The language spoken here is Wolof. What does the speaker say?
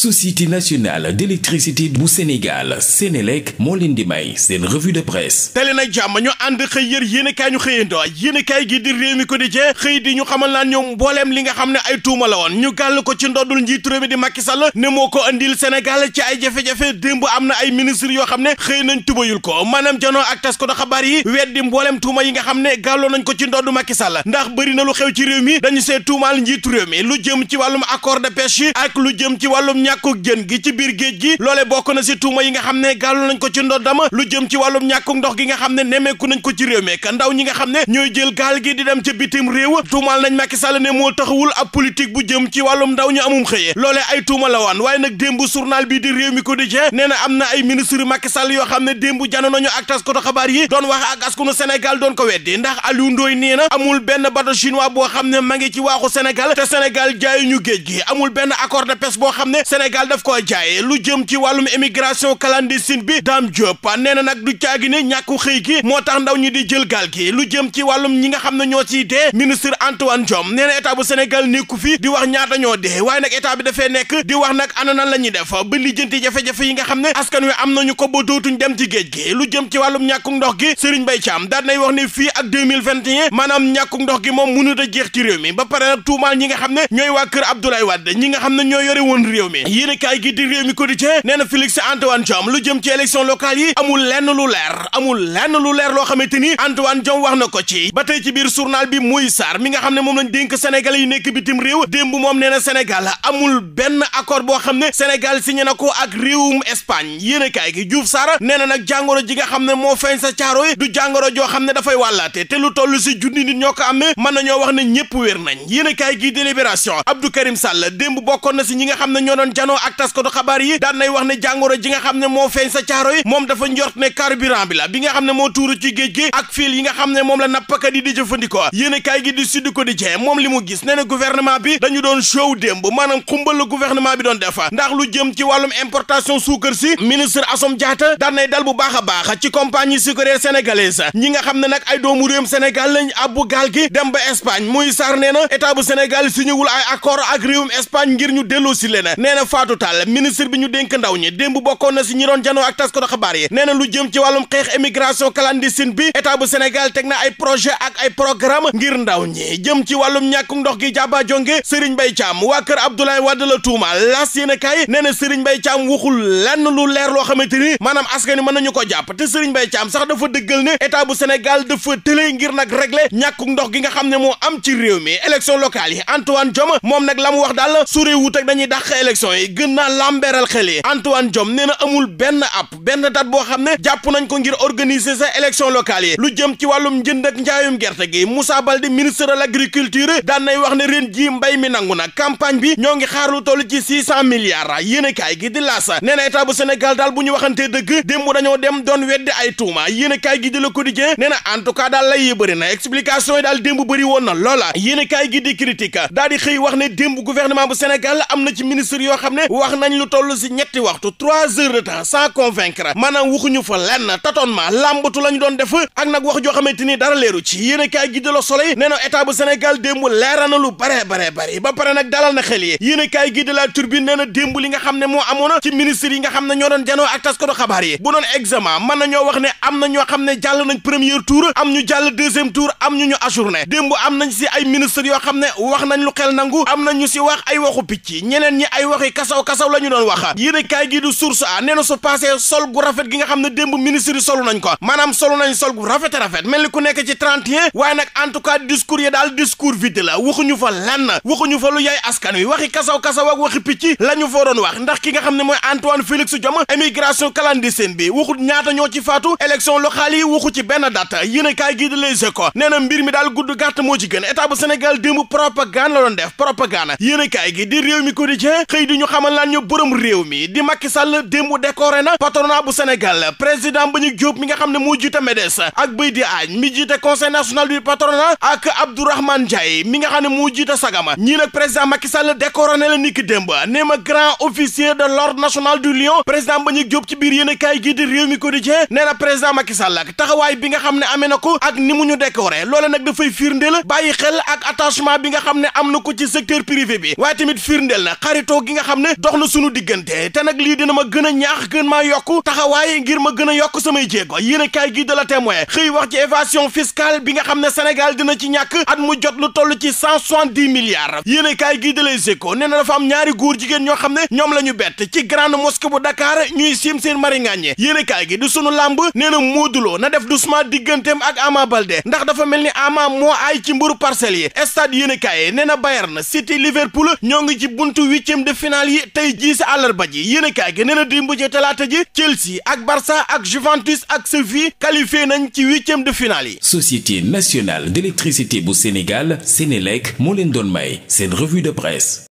société nationale d'électricité bu Sénégal Sénélec moo leen di may seen revue de presse tele na jàmm ñu ànd xëy yër yéenekaay ñu xëyandoo yéenekaay gi di réew mi ko di jee xëy di ñu xamal naan ñoom mbooleem li nga xam ne ay tuuma la woon ñu gàll ko ci ndoddul njiitu réew mi di Macky Sall ne moo ko andil Sénégal ci ay jafe-jafe démb am na ay ministre yoo xam ne xëy nañ tubayul ko maanaam janoo ak tas ko da xabaar yi weddi mbooleem tuuma yi nga xam ne gàlloo nañ ko ci ndoddu Macky Sall ndax bëri na lu xew ci réew mi dañu see tuumaal njiitu réew mi lu jëm ci wàllum accord de pêche ci wàllum ñàkku jën gi ci biir géej gi loole bokk na si tuuma yi nga xam ne gàllu nañ ko ci ndoddam lu jëm ci wàllum ñàkku ndox gi nga xam ne nemmeeku nañ ko ci réew ndaw ñi nga xam ne ñooy jël gaal gi di dem ca bitim réew tuumaal nañ Macky Sall ne moo taxawul ab politique bu jëm ci wàllum ndaw ñu amum xëyee loole ay tuuma la waan waaye nag démb journal bi di réew mi quotidien nee na am na ay ministre Macky Sall yoo xam ne démb jano nañu ak taskatu xabaar yi doon wax ak askanu Sénégal doon ko weddi ndax Aliou Ndoye nee na amul benn bateau chinois boo xam ne ma ngi ci waaxu Sénégal te Sénégal jaayu ñu géej gi amul benn accord de pêche boo xam ne Sénégal daf ko jaay lu jëm ci wàllum émigration clandestine bi Dame Diop nee na nag du caagi ne ñàkku xëy gi moo tax ndaw ñi di jël gaal gi lu jëm ci wàllum ñi nga xam ne ñoo ciy dee ministre Antoine Diome nee na état bu Sénégal nekku fi di wax ñaata ñoo dee waaye nag état bi dafee nekk di wax nag ana nan la ñuy def ba lijjanti jafe-jafe yi nga xam ne askan wi am nañu ko ba dootuñ dem ci géej gi lu jëm ci wàllum ñàkku ndox gi Serigne Mbaye Thiam daan nay wax ne fii ak 2021 maanaam ñàkku ndox gi moom mënut a jeex ci réew mi ba pare nag tuumaal ñi nga xam ne ñooy waa kër Abdoulaye Wade ñi nga xam ne ñoo yore woon réew mi yéen a kaay gi di réew mi quotidien nee na Félix Antoine Diome lu jëm ci élection locale yi amul lenn lu leer amul lenn lu leer loo xamante ni Antoine Diome wax na ko ci ba tey ci biir journal bi muy saar mi nga xam ne moom lañ dénk Sénégal yi nekk bitim réew démb moom nee na Sénégal amul benn accord boo xam ne Sénégal signé na ko ak réewum Espagne yéen a kaay gi Diouf Sarr nee na nag jàngoro ji nga xam ne moo feeñ sa caaro yi du jàngoro joo xam ne dafay wàllaate te lu toll si junni ñoo amee mën nañoo wax ne ñëpp wér nañ yéen a kaay gi délibération Abdou Karim Sall démb bokkoon na si ñi nga xam ne ñoo janoo ak taskatu xabaar yi daan wax ne jàngoro ji nga xam ne moo feeñ sa caaro yi moom dafa njort ne carburant bi la bi nga xam ne moo tuuru ci géej gi ak fiil yi nga xam ne moom la nappkat yi di jëfandikoo yéen kay gi di suddu ko di jee moom li mu gis ne na gouvernement bi dañu doon show démb maanaam xumbal la gouvernement bi doon defa ndax lu jëm ci wàllum importation suukar si ministre Assome Diatta daan nay dal bu baax a baax ci compagnie sucrière sénégalaise ñi nga xam ne nag ay doomu réewum Sénégal lañ abbu gaal gi dem ba Espagne muy sar nee na état bu Sénégal signéwul ay accord ak réewum Espagne ngir ñu delloo si leen nee na Fatou Tall ministre bi ñu dénk ndaw ñi démb bokkoon na si ñi doon janoo ak taskatu xabaar yi nee na lu jëm ci wàllum xeex émigration clandestine bi état bu teg na ay projet ak ay programme ngir ndaw ñi jëm ci wàllum ñàkkum ndox gi jàba jonge Serigne Mbaye Thiam waa kër Abdoulaye wa la tuumaal laas yéen a kaay nee na Serigne Mbaye Thiam waxul lenn lu leer loo xamante ni maanaam askan wi mën nañu ko jàpp te Serigne Mbaye Thiam sax dafa dëggal ne état bu Sénégal dafa tële ngir nag régler ñàkkum ndox gi nga xam ne moo am ci réew mi élection locale yi Antoine Diome moom nag la mu wax daal suuree wut ak dañuy dàq élection yi yi gën naa lambeeral xel yi Antoine Diome nee na amul benn app benn dat boo xam ne jàpp nañ ko ngir organiser sa élection yi lu jëm ci wàllum njënd ak njaayum gerte gi Moussa Baldé ministre de l' agriculture daan nay wax ne ren ji mbay mi nangu na campagne bi ñoo ngi xaar lu toll ci six cent milliards yéene kaay gi di laasa nee na état bu Sénégal daal bu ñu waxantee dëgg démb dañoo dem doon weddi ay tuuma yéene kaay gi di Le Quotidien nee neena en tout cas daal lay yi bëri na explication yi daal démb woon na loola yéene kaay di critique daal di xëy wax ne démb gouvernement bu Sénégal am na ci ministre yoo xam xam ne wax nañ lu toll si ñetti waxtu trois heures de temps sans convaincre maanaam waxuñu fa lenn tâtonnement làmbatu la ñu doon def ak nag wax joo xamante ni dara leeru ci yéen a kaay gi de la Soleil nee na état bu Sénégal démb leera na lu bare bare bare ba pare nag dalal na xel yi yéen a kaay gi de la Tribune nee na démb li nga xam ne moo amoon ci ministre yi nga xam ne ñoo doon janoo ak taskatu xabaar yi bu doon examen mën na ñoo wax ne am na ñoo xam ne jàll nañ premier tour am ñu jàll deuxième tour am ñu ñu ajourné démb am nañ si ay ministre yoo xam ne wax nañ lu xel nangu am nañ si wax ay waxu picc ñeneen ñi ay waxi ay kasaw kasaw la ñu doon wax yéen a kaay gi du source a nee na su passé sol gu rafet gi nga xam ne démb ministre nañ ko maanaam solu nañ sol gu rafet rafet mel ni ku nekk ci 31 waaye nag en tout cas daal discours vide la waxuñu fa lenn waxuñu fa lu yaay askan waxi kasaw kasaw ak waxi picc la ñu doon wax ndax ki nga xam ne mooy Antoine Félix Diome émigration clandestine bi waxut ñaata ñoo ci faatu élection locale yi waxu ci benn mi daal gudd gàtt moo ci gën état ñu xamal laan ñu borom mi di Macky Sall démb décoré na patronat bu Sénégal président Mbagnick Diop mi nga xam ne moo jiite MEDES ak Beydi Agne mi jiite conseil national du patronat ak Abdourahmane Ndiaye mi nga xam ne moo jiite Sagama ñii nag président Macky Sall décoré na la niki démb nee ma grand officier de l'ordre national du Lion président Mbagnick Diop ci biir yéen kaay gi di réew mi quotidien nee na président Macky Sall ak taxawaay bi nga xam ne amee na ko ak ni mu ñu décoré loole nag dafay firndeel bàyyi xel ak attachement bi nga xam ne am na ko ci secteur privé bi waaye tamit firndeel na xaritoo gi nga xam ne dox na sunu diggante te nag lii dina ma gën a ñaax gën maa yokk taxawaaye ngir ma gën a yokk samay jéego yéen a kaay gi de la témoin xëy wax ci évasion fiscale bi nga xam ne Sénégal dina ci ñàkk at mu jot lu toll ci cent soixante-dix milliards yéen a kaay gi de les échos nee na am ñaari góor jigéen ñoo xam ne ñoom la ñu bett ci grande mosquée bu Dakar ñuy siim seen mari ngaañe yéen a kaay gi di sunu làmb nee na Modou Lo na def doucement digganteem ak Ama Baldé ndax dafa mel ni Ama moo ay ci mburu parcelles yi stade yéen a kaay nee na Bayern City Liverpool ñoo ngi ci buntu huitième de finale national yi tey jii si àllarba ji yéenekaay gi nee na dimb ci talaata ji Chelsea ak barsa ak Juventus ak Séville qualifié nañ ci huitième de finale yi. Société nationale d'électricité bu Sénégal Sénélec moo leen doon may seen revue de presse.